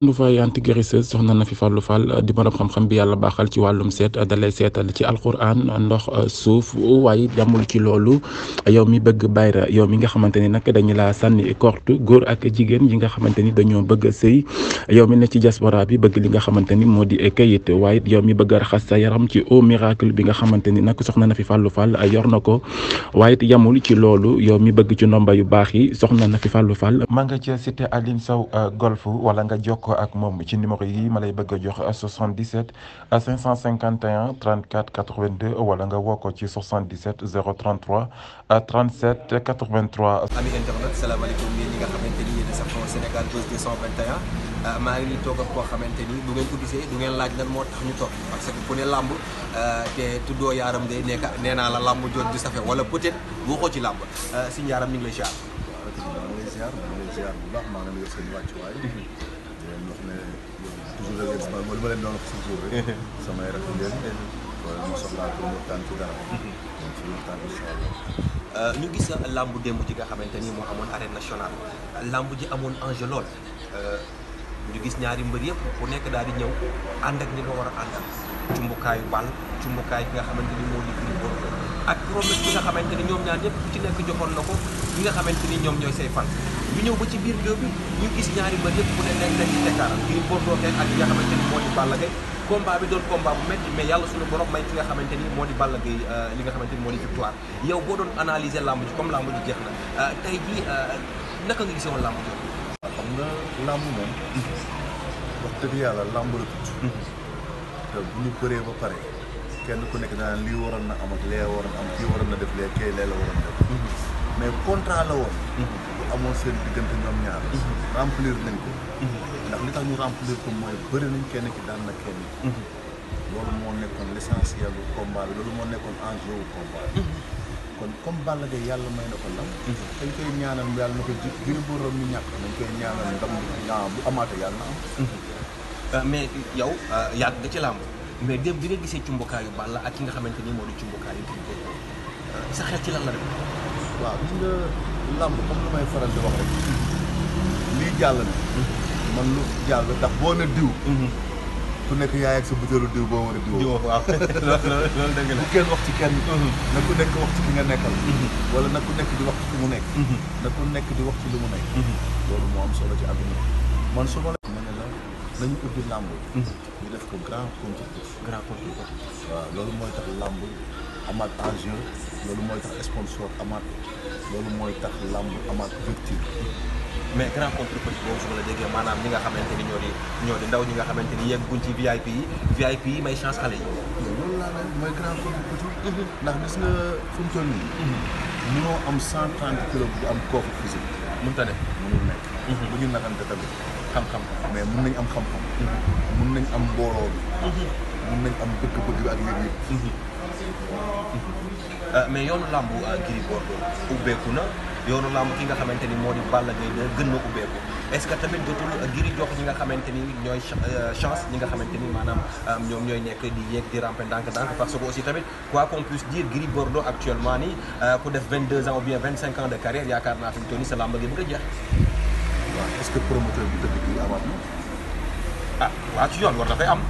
lu fay anti guérisseuse soxna na fi fàllu fal euh, di borom xam-xam bi yàlla baaxal ci wàllum seet euh, dalay seetal ci alquran euh, ndox suuf waaye yamul ci loolu yaw mi bëgg bayra yow mi nga xamante ni nag dañu laa sànni korte góor ak jigéen yi nga xamante ni dañoo bëgg a sëy yow mi ne ci diaspora bi bëgg li nga xamante ni moo di kayit waaye yow mi bëgg a raxas sa yaram ci au miracle bi nga xamante ni nag soxna na fi fàllu fal yor na ko waaye yamul ci loolu yow mi bëgg ci ndomba yu baax yi soxna na fi fàllu fal ma nga ci jokkoo ak moom ci numéro yi ma lay bëgg a jox 77 551 34 82 wala nga woo ko ci 77 033 37 83. ami internet salaamaaleykum yéen ñi nga xamante ni yéen a safoo Sénégal euh, maa ngi toog ak koo xamante ni bu ngeen ko du ngeen laaj lan moo tax ñu toog parce que ku ne làmb euh, te tuddoo yaaram day nekk nee naa la làmb jot du safe wala peut-être ci làmb euh, si njaaram ñu ngi la maa ngi bu baax toujours rek ba lu ma leen gis làmb démb ji nga xamante ni moo amoon arène nationale làmb ji amoon enjeu lool eh, ñu gis ñaari mbër yëpp ku nekk daal di ñëw ànd ak ñi nga war a àndal cumbukaayu bal cumbukaay bi nga xamante ni moo di ak promesse bi nga xamante ni ñoom ñaar yëpp ku ci nekk joxoon na ko ñi nga xamante ni ñoom ñooy say fan. ñu ñëw ba ci biir géew bi ñu gis ñaari mbër yëpp ku ne nekk nañ ci tekkaaral Gris Bordeaux xeex ak li nga xamante ni moo di Balla Gaye combat bi doon combat bu métti mais yàlla suñu borom may ki nga xamante ni moo di Balla Gaye euh, li nga xamante ni moo di victoire yow boo doon analyser làmb ji comme làmb ji jeex na euh, tey jii euh, naka nga gisoon làmb ji xam nga làmb moom wax dëgg yàlla làmb la tudd mm-hmm. te bu ñu bëree ba pare kenn ku nekk danaan lii waroon na am ak lee waroon am kii waroon na def lee kay lee la waroon def mm-hmm. mais contrat la woon mm-hmm. amoon seen diggante ñoom ñaar. Mhm. remplir nañ ko. Mhm. ndax li tax ñu remplir ko mooy bëri nañ kenn ki daan na kenn. Mhm. loolu moo nekkoon l'essentiel bu combat bi loolu moo nekkoon enjeu bu combat bi. kon comme Balla Gaye yàlla may na ko ndam. dañ koy ñaanal yàlla na ko ji Gris Bordeaux mi ñàkk. dañ koy ñaanal ndam bu amaatee yàlla na am. Euh, mais yow euh, yàgg nga ci làmb mais démb bi nga gisee ci mbokaayu Balla ak ki nga xamante ni moo di ci mbokaayu kii euh, sa xel ci lan la rek. waaw gis nga làmb comme lu may faral di wax rek lii jàll na man lu jàll ndax boo na diw mhm. ku nekk yaay ak sa butéelu diw boo war a diw waaw loolu dëgg la bu kenn wax ci kenn mhm. na ku nekk wax ci ki nga nekkal mhm. wala na ku nekk di wax ci ki mu nekk na ku nekk di wax ci li mu nekk loolu moo solo ci àdduna man su ma la ma ne la nañu ubbi làmb def ko grand compétitif grand compétitif waaw loolu mooy tax làmb amaat enjeu loolu mooy tax sponsor amaat loolu mooy tax làmb amaat victime mais grand contre petit boobu su la jegee maanaam ñi nga xamante ni ñoo ñoo di ndaw ñi nga xamante ni yegguñ ci VIP yi VIP yi may chance xale yi. loolu laa ne mooy grand contre petit. Mhm. ndax gis nga fu mu nii. Mhm. mënoo am cent trente kilos am kooku physique. mënta ne mënul nekk. bu mhm. ñu naxante tamit xam-xam mais mun nañ am xam-xam. mun nañ am mbooloo bi. mun nañ am bëgg-bëgg bi ak yëg-yëg. Euh, mais yoonu làmb euh, Gris Bordeaux ubbeeku na yoonu làmb ki nga xamante ni moo di Balla Gaye gën na ubbeeku est-ce que tamit jotul euh, Gris jox ñi nga xamante ni ñooy chance ñi nga xamante ni maanaam ñoom ñooy nekk di yéeg di ramper ndànk-ndànk parce que aussi tamit quoi qu'on puisse dire Gris Bordeaux actuellement ni ku def 22 ans ou bien 25 ans de carrière yaakaar naa fi mu toll nii sa làmb gi bëgg a jeex. est-ce que promoteur bi tëdd gi amaat na. ah yoon war na am.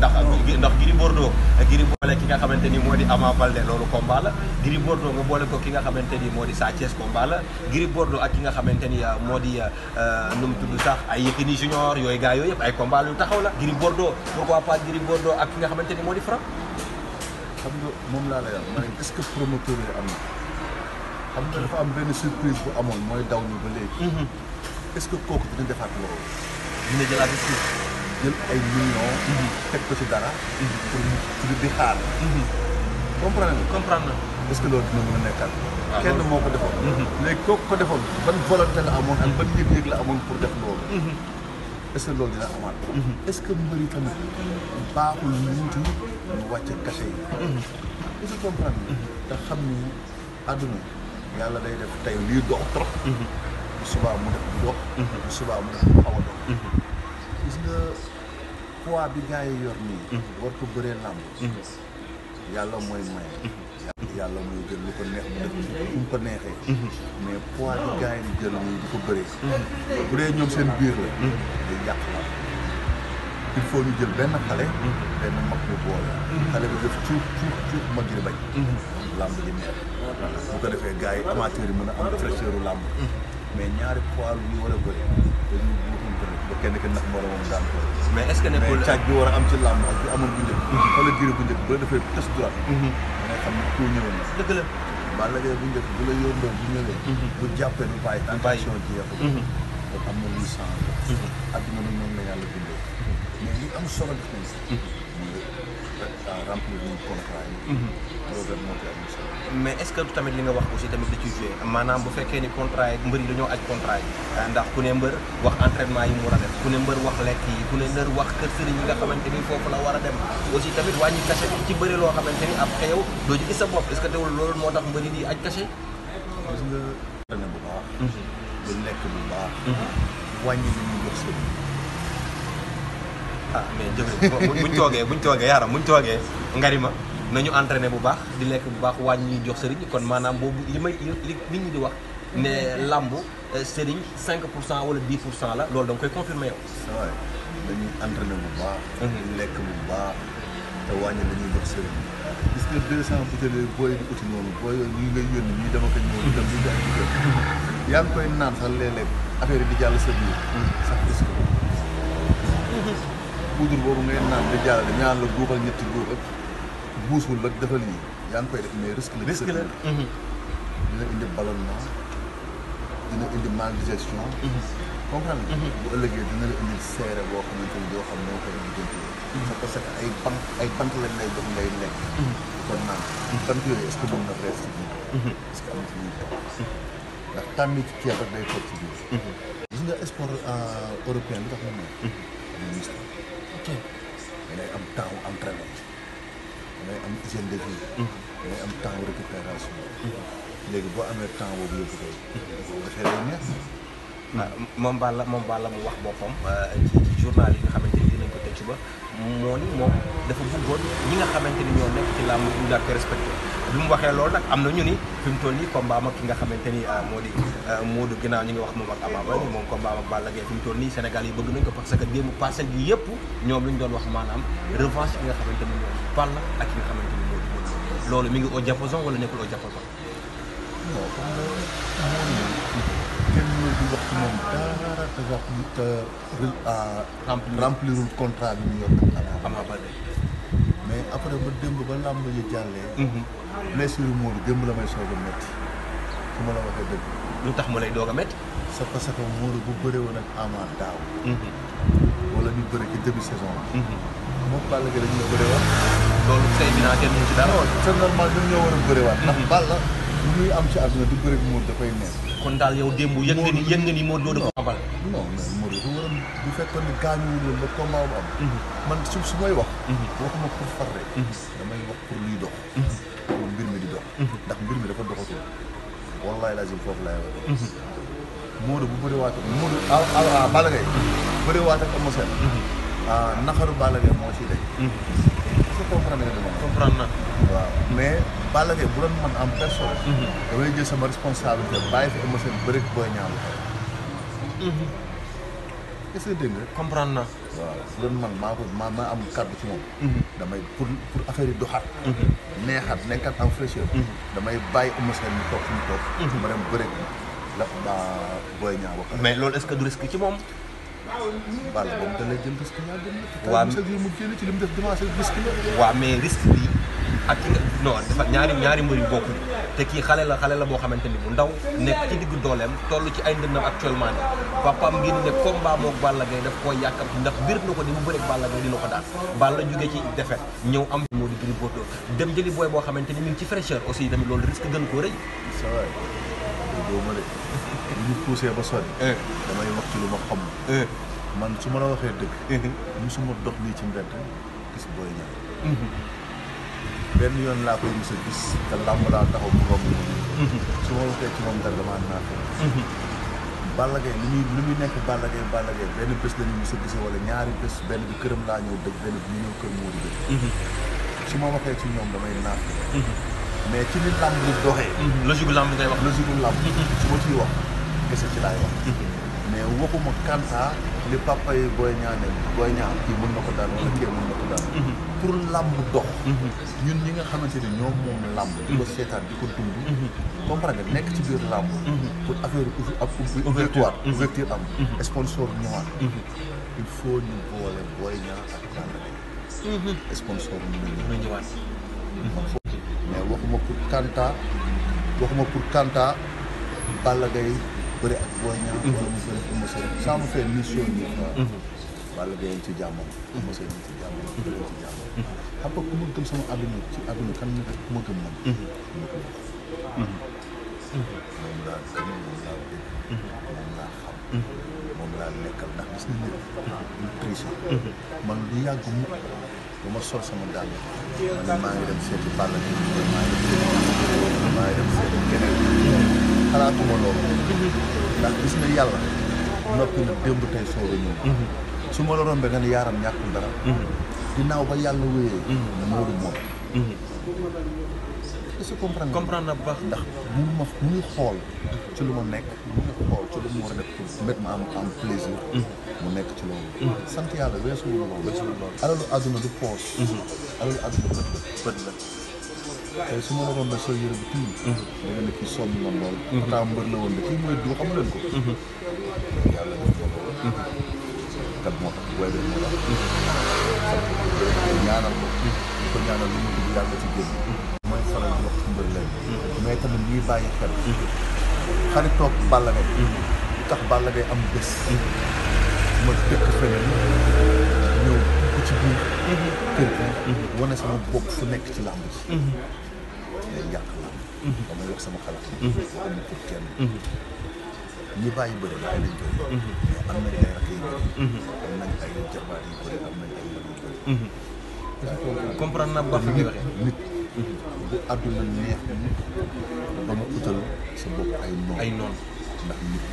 ndax ndax Gris Bordeaux Gris boole ki nga xamante ni moo di Ama Baldé loolu combat la Gris Bordeaux nga boole ko ki nga xamante ni moo di Sa Thiès combat la Gris Bordeaux ak ki nga xamante ni euh, moo di euh, nu mu tudd sax ay Yékini Junior yooyu gars yooyu yëpp ay combat taxaw la Gris Bordeaux pourquoi pas nga xamante ni moo di Franc xam nga moom laa la wax ma ne est-ce que promoteur yi am na xam nga dafa am benn surprise bu amoon mooy daw ñu ba léegi mhm. est-ce que kooku dina defaat loolu dina jëlaat surprise jël ay millions. Mhm. teg ko ci dara. Mhm. pour pour di xaar. Mhm. comprendre nga. comprendre est ce que loolu dina mën a nekkaat. Ah, kenn moo ko defoon. léegi kooku ko defoon ban volonté la amoon ak ban yëg-yëg la amoon pour def loolu. est ce que loolu dina amaat. est ce que tamit baaxul luuti ñu wàcce cachet yi. est ce que comprendre nga. te xam ni àdduna yàlla day def tey lii dox trop. bu subaa mu def bu dox. gis nga bi gars yi yor nii. Mhm. war ko bëree làmb. Mhm. yàlla mooy maye. Mhm. yàlla mooy jël lu ko neex mu def lu mu ko neexee. mais poids bi gars yi di jël nii ko bëree. bu dee ñoom seen biir la. day yàq la il ñu jël benn xale. benn mag ñu boole. xale bi def cuuf cuuf cuuf mag yi bañ. làmb ji neex bu ko defee gars yi amateurs yi mën a am fraîcheur u làmb. mais ñaari poids yu war a bëri dañuy wutum bëri ba kenn ki ndax moromam daan ko. mais est ce que war a am ci làmb ak bi amoon bu njëkk. Mhm. bu mhm. da ngay xam ne ku ñëwoon na. la Balla bu ñëwee. Mhm. bu jàppee du bàyyi. du bàyyi tension am na lu changé. adduna bi noonu la yàlla bindee. mais li am solo def nañ remplir mm-hmm. nañ mais est ce que tamit li nga wax aussi tamit da ciy joué maanaam bu fekkee ni contrat yi mbër yi dañoo aj contrat yi. Ah, ndax ku ne mbër wax entraînement yi mu war a ku ne mbër wax lekk yi ku ne mbër wax kër sëriñ yi nga xamante ni foofu la war a dem aussi tamit wàññi cachet bi ci bëri loo xamante ni après yow doo ci sa bopp est que teewul loolu moo tax mbër yi di aj cachet. gis nga. bu baax. Mm-hmm. lekk bu baax. Mm-hmm. wàññi li ñuy jox sëriñ. ah mais jëfandikoo buñ toogee buñ toogee yaram buñ toogee ngarima nañu entraîné bu baax di lekk bu baax wàññi ñuy jox sëriñ kon maanaam boobu li may li nit ñi di wax ne làmb euh, sëriñ 5 pour cent wala 10 pour cent la loolu da koy confirmé yow. waaw dañuy entraîné bu baax. Mhm. lekk bu baax te wàññi li ñuy jox sëriñ. gis nga 200 butéel yooyu booy di uti noonu booy yooyu ñu ngay yónni ñuy dem ak a ñëw yaa ngi koy naan sax léeg-léeg affaire bi di jàll sa biir. Mhm. sax gis ko. poudre boobu ngay naan di jàllale ñaan la góobal ñetti góob ak buusul ak defal yi yaa ngi koy def mais risque la. risque la dina indi ballonnement dina indi mal mhm. boo xamante ni yoo xam ne moo koy lijjanti. Mhm. parce que ay bant ay bant lañ lay jox mhm. naan bant yooyu est da ngay am temps wu entraînement da ngay am hygiène de vie. Mhm. da ngay am temps wu récupération. Mhm. léegi boo amee temps boobu yëpp tey. Mhm. boo defee day neex. Ah, moom Balla moom Balla mu wax boppam ci euh, ci journal yi nga xamante ni dinañ ko tëj ba. moo ni moom dafa bëggoon ñi nga xamante ni ñoo nekk ci làmb ñu daal ko respecté bi mu waxee lool nag am na ñu ni fi mu toll nii combat ak ki nga xamante ni ah, moo di ah, Modou ginnaaw ñi nga wax moom ak Ama Baldé moom combat ak Balla Gaye toll nii Sénégal yi bëgg nañ ko parce que démb passé bi yëpp ñoom lu ñu doon wax maanaam revanche ki nga xamante ni moo di Balla ak ki nga xamante ni moo di loolu mi ngi au diapason wala nekkul au diapason wax ci moom dara te wax te ah, remplir contrat bi ñu yor ak Ama mais après ba démb ba làmb ji jàllee. Mhm. blessure Modou démb la may soog a su ma la waxee dëgg. lu tax ma lay doog a métti. c'est que Modou bu bëree woon ak Ama daaw. Mhm. wala ñu bëri ci début saison bi. Mhm. moom Balla Gaye dañu la bëriwaat. loolu tey dinaa kenn mu ci dara. non c'est normal ñoo war a bëriwaat. ndax Balla lu muy am ci àdduna di bëri Modou dafay neex. kon daal yow démb yëg nga ni yëg nga ni Modou Lo da ko abal. non mais Modou du war a bu fekkoon ne gaañuwul woon ba combat bu am. Mhm. man su su may wax. Mhm. waxuma pour far rek. Mhm. damay wax pour luy dox. pour mbir mi di dox. ndax mbir mi dafa doxatul. wallaay lazim foofu laay wax. Modou bu bëriwaat ak Modou ah ah, ah Balla Gaye. bëriwaat ak Eumeu Sène. ah naxaru Balla Gaye moo ciy daj. que comprendre nga na waaw mais Balla Gaye bu doon man en personne. damay jël sama responsabilité bàyyi fi Eumeu Sène bëri Boy Niang est-ce que bu doon man maa ko maa am kàddu damay pour pour affaire yi doxaat neexaat nekkaat en damay bàyyi Eumeu Sène ñu toog fi ñu toog ma dem bëri la ba Boy Niang mais loolu est-ce ci moom Balla boobu da lay jël risque yaa gën la. waaw mu ci li def dimanche risque la. waaw mais ak ki nga non ñaari ñaari mbër yu te kii xale la xale la boo xamante ni bu ndaw nekk ci diggu toll ci ay ndëndam actuellement nii papaam ngeen ne combat moog Balla Gaye daf koo yàkkam ndax bir na ko ni mu bëreeg Balla Gaye ko daal Balla jógee ci defet ñëw am moo di Gris Bordeaux dem jëli booy boo xamante ni ñu ngi ci fraîcheur aussi tamit loolu risque gën koo rëy. ça va ñu poussé ba sori. Eh. damay wax ci lu ma xam. Eh. man su ma la waxee dëgg. Eh. musuma dox nii ci mbedd gis booy ñaar. Mm-hmm. benn yoon laa koy mos a gis te làmb laa taxaw mu romb moom. Mm-hmm. su ma waxee ci moom dara damaa naan ko. Mm-hmm. Balla Gaye li muy nekk Balla Gaye Balla Gaye benn bés la ñu mos a gisee wala ñaari bés benn bi këram laa ñëw dëgg benn bi ñu ñëw kër moo di dëgg. su ma waxee ci ñoom damay naaf. mais ci li làmb li doxee. logique làmb ngay wax logique làmb. su ma ciy wax. kese ci laay wax mhm. mais waxuma Kanta li papa yi booy ñaanee booy ñaan kii mën na ko daan wala kii mën na ko daan mhm. pour làmb dox mhm. ñun ñi nga xamante ni ñoom moom làmb di ko seetaan di ko dund comprendre nga nekk ci biir làmb pour affaire ak ouverture ouverture am sponsor ñëwaat il faut ñu boole booy ñaan ak Kanta sponsor ñu ñëwaat mais waxuma pour Kanta waxuma pour Kanta Balla Gaye bëri ak Boy Niang. Mhm. wala mu bëri ak ci jàmmam. Mhm. Eumeu Sène ci jàmmam. Mhm. Balla moom laa gëm moom laa moom laa xam. moom laa nekkal ndax gis nañ ne nutrition. man lu yàgg bu ma sol sama dàll. ma ne maa ngi dem seeti Balla Gaye maa maa ngi dem seeti keneen. xalaatuma loolu mhm. ndax gis nga yàlla noppi na démb tey soog a mhm. su ma la rombee nga ne yaaram ñàkkul dara mhm. ginnaaw ba yàlla wéyee moodu moom est bu ndax mu ma xool ci lu ma nekk mu ngi xool ci lu mu war a def ma am am mu nekk ci loolu sant yàlla weesuwul loolu weesuwul loolu àdduna du poos alalu àdduna bët la tey su ma waroon na soo yëre bi mhm. kii da nga ne kii na lool ataa mhm. mbër la woon ne kii mooy du xam ko mhm. yàlla def na tax booy def ñaanal ko ko ñaanal lu mu dugg ci génn mooy faral di mbër leen mais tamit ñuy bàyyi xel xarit toog Balla Gaye lu tax Balla Gaye am bés ma dëkk feneen ñëw dugg ci biir mhm. mhm. wane sama bopp fu nekk ci làmb ji mhm. day yàq làmb damay wax sama xalaat amul pour bàyyi bëri laay lañ bëri am nañ ay rakk yu bëri am ay jarbaat yu bëri am nañ ay mag yu bëri comprendre bu baax li neex ba utal sa bopp ay noon ndax nit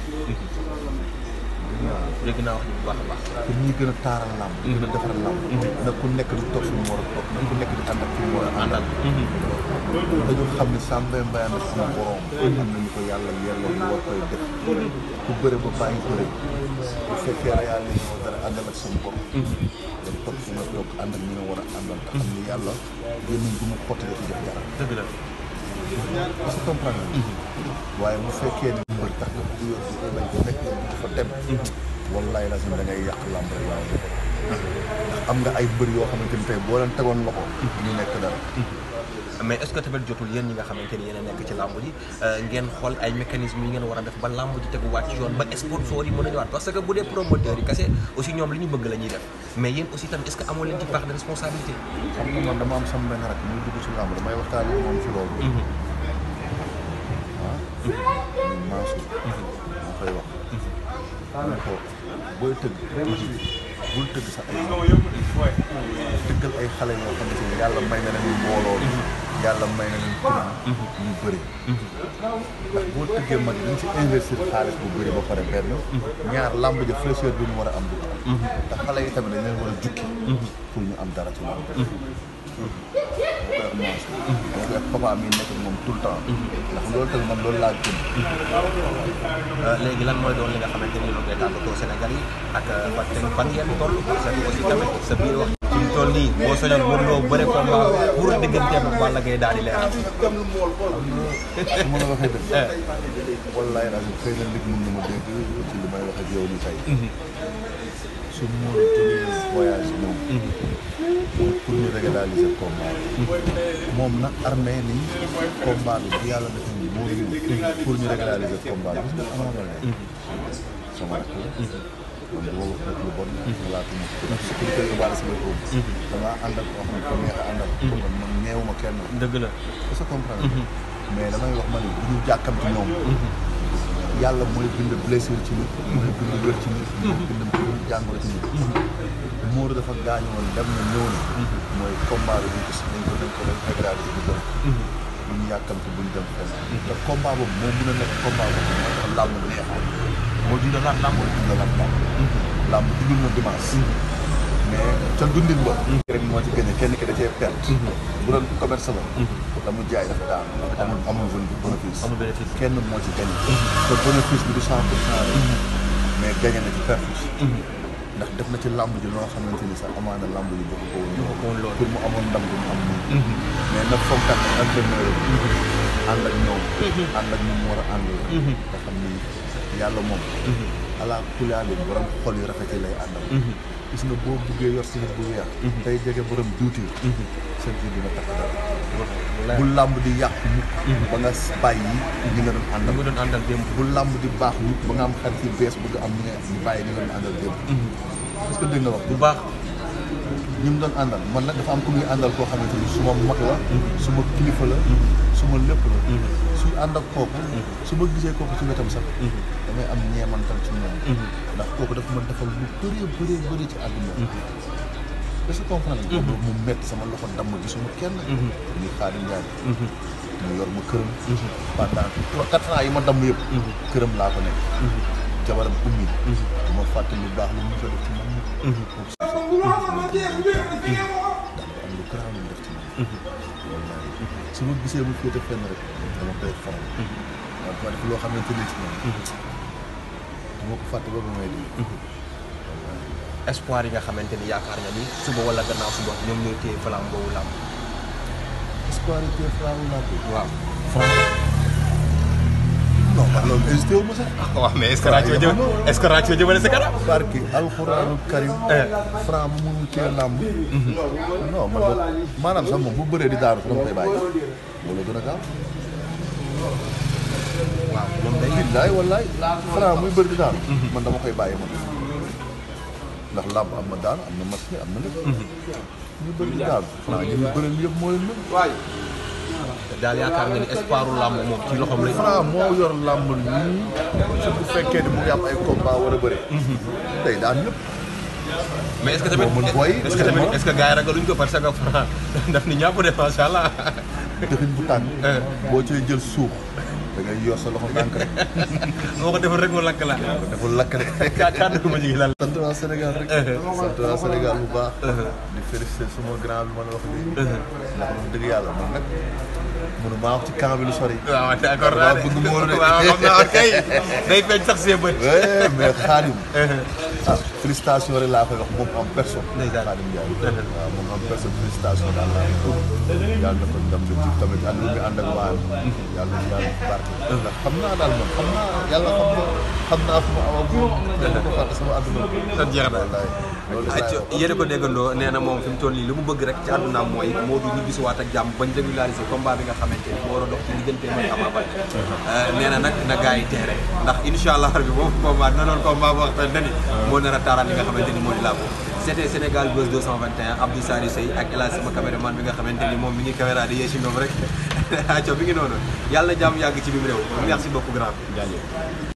léegi naa a baax. gën a taaral làmb. gën a defar na ku nekk di toog fi war a toog na ku nekk di ànd ak fi mu war a àndal. dañu xam ne Samba Mbaye na suñu borom. ko yàlla yelloo ñu war koy def. ku bëre ba bàyyi bëre bu fekkee yàlla ñoo dara àndal ak suñu borom. da toog fi nga toog ànd ak ñu ne war a àndal. te xam ne yàlla yéen a ngi mu xotti def dara. dëgg la. parce que mhm. waaye bu fekkee ne mbër tax na bu yor bu bañ ko rek dafa dem mhm. wallaay la da ngay yàq làmb rek ndax am nga ay mbër yoo xamante ni tey boo leen tegoon loxo. ñu nekk dara. mais est-ce jotul yéen ñi nga xamante ni yéen a nekk ci làmb ji euh, ngeen xool ay mécanismes yi ngeen war a def ba làmb ji teguwaat ci yoon ba sponsor yi mën a ñëwaat parce que bu dee promoteurs yi dama am sama benn rak muy ci làmb damay waxtaan moom ci loolu. Mhm. ah. Mhm. maa ngi mhm. koy wax. booy tëgg. bul tëgg sa ay tëggal ay xale yoo xam ne yàlla may na leen mbooloo yàlla may na leen plan ñu bëri ndax boo tëggee mag dañ si investir xaalis bu bëri ba pare benn ñaar làmb ja fraîcheur bi ñu war a am du ndax xale yi tamit dañ leen war a jukki pour ñu am dara ci làmb permanence donc ak papa mi nekk moom tout le temps ndax loolu tamit man loolu laa gën euh, léegi lan mooy doon li nga xamante ni loolu ngay tàggatoo Sénégal yi ak euh, fan fan ngeen toll parce que aussi tamit sa biir wax ci mu toll nii boo soñoon mën loo bëre combat pour digganteem ak Balla Gaye daal di leer su ma la waxee dëgg eh. wallaay rajo xëy na nit mën na ma dégg ci li may wax ak yow ni tey mhm. ce mot de tous les voyages moom. pour ñu régulariser combat bi. moom nag armée ni combat bi bu yàlla def nii moo ñëw. pour ñu régulariser combat bi gis nga sama rakk man du wax rek lu neex a àndal. kon man neewuma kenn. dëgg la. est-ce que mhm. mais damay wax ma ne bu ñu jàkkamti ñoom. yàlla mooy bind blessure ci nit mooy bind wér ci nit mooy bind mbirum jàngoro ci nit Modou dafa gaañu woon na ñëw mooy combat bi ñu gis nañ ko ko dem dégradé yi ñu doon bu ñu yàkkamte bu ñu dem fenn te combat boobu moo mën a nekk combat moo tax làmb bi moo dundalaat làmb dundalaat làmb làmb dundul mais ca dundin ba. moo ci gën kenn ki da cee perte. bu doon commerce ba. la mu jaay dafa daan amul amul bénéfice. kenn moo ci gagné. te bénéfice bi du cent pour mais gagné na ci perte. ndax def na ci làmb ji loo xamante ni sax amaana làmb ji bëgg ko woon. loolu pour mu amoon ndam bi mu am nii. Mhm. mais nag fonkat ak entraîneur mhm. ànd ak ñoom. Mhm. ànd ak ñoom war a ànd la. nga xam ni yàlla moom. ala kulli borom xol yu rafet yi lay àndal. gis nga boo buggee yor sirif bu weex mhm. tey jege borom diwtiir mhm. seen biir dina takk dara bu làmb di yàq nit mhm. ba nga bàyyi ñi nga doon àndal nga doon àndal démb bu làmb di baax nit nga am xarit yu am ñi nga bàyyi ñi nga doon àndal démb nga wax ñi mu doon àndal man nag dafa am ku muy àndal koo xamante ni su ma la su ma kilifa la su ma lépp la suy ànd kooku su ma gisee kooku ci wetam sax damay am ñeemantal ci moom ndax kooku dafa ma defal lu bëree bëree bëri ci àdduna est-ce que comprendre nga mu métti sama loxo damm gisuma kenn muy Xaadim Njaay mu yor ma këram pendant trois quatre ans yi ma damm yëpp këram laa ko nekk jabaram ummi du ma baax lu mu fa ci man su ma gisee mu féete fenn rek dama koy faral waaw loo xamante ni ci moom ko fàtte ba ba may di espoir yi nga xamante ni yaakaar na ni suba wala gannaaw suba ñoom ñooy téye flambeau boobu làmb espoir yi téye flambeau làmb waaw non man loolu hésité wu ma sax. waaw mais est-ce que rajo jë est-ce que rajo jëmale sa kanam. barke alxuraanu karim. franc mu mënul cee làmb. non man de maanaam sax moom bu bëree di daanu dama koy bàyyi. loolu gën a gaaw. waaw loolu day billaay wallaay franc muy bëri di daanu. man dama koy bàyyi man. ndax làmb am na daan am na mas am na lépp. ñu bëri di daanu. franc ñu bëri yëpp moo leen mën. daal yaakaar nga ni espoiru làmb moom ci loxoom lay. Franc moo yor làmb nii su bu fekkee ne mu ngi am ay combat war a bëri. tey daan ñëpp. mais est-ce que tamit est-ce que tamit est-ce que gars yi ragaluñ ko parce que Franc daf ni ñàpp de macha allah. dëgg bu tàng. Euh. boo cay jël suuf. da ngay yor sa loxo ndànk rek. moo ko defal rek mu lakk la. moo ko defal lakk rek. kàddu gu ma ji lan. sant waa Sénégal rek. Uh-huh. sant waa Sénégal bu baax. Uh-huh. di félicité suma grand bi ma la wax nii. Uh-huh. ndax wax dëgg yàlla man nag. mënu maa wax ci camp bi lu sori. waaw d'accord naa de waaw xam naa kay. day feeñ sax see bët. mais xaadim. Ah, félicitation rek laa koy wax moom en personne. Khadim Ndiaye waaw moom en personne félicitation daal laa koy yàlla na ko ndam lu jub tamit ak lu muy ànd ak waa yàlla na yàlla barke. ndax xam naa daal man xam naa yàlla xam naa xam naa fu ma aw ak moom. dëgg ko fàtte sama àdduna bi. dëgg jeex na loolu laa yéen a ko déggandoo nee na moom fi mu toll nii li mu bëgg rek ci àddunaam mooy Modou ñu gisuwaat ak jàmm bañ régulariser combat bi nga xamante ni moo war a dox ci diggante mooy Ama Baldé. Uh-huh. Uh, nee na nag na gars yi teere ndax incha allah bi boobu combat dina doon combat boo xam ne taaraan yi nga xamante ni moo di làmb c'était Sénégal Buzz 221 Abdou Sari Sey ak El Hadj sama caméraman bi nga xamante ni moom mi ngi caméra di yee si ñoom rek aco bi ngi noonu yàlla jàmm yàgg ci biir réew merci beaucoup grand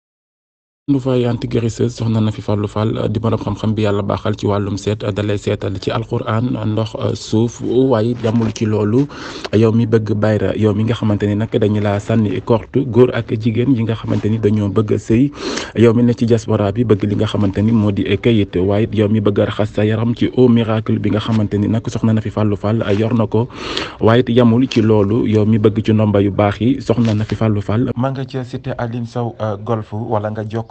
Ndufaay antiguérisseuse soxna na fi fàllu fàll di borom xam-xam bi yàlla baaxal ci wàllum seet dalay seetal ci alxuraan ndox euh, suuf waaye yamul ci loolu yaw mi bëgg bayra yow mi nga xamante ni nag dañu laa sànni korte góor ak jigéen yi nga xamante ni dañoo bëgg a sëy yow mi ne ci diaspora bi bëgg li nga xamante ni moo di kayit waaye yow mi bëgg raxas sa yaram ci eau miracle bi nga xamante ni nag soxna na fi fàllu fàll euh, yor na ko waaye yamul ci loolu yow mi bëgg ci ndomba yu baax yi soxna na fi fàllu fàll maa nga euh, nga jokk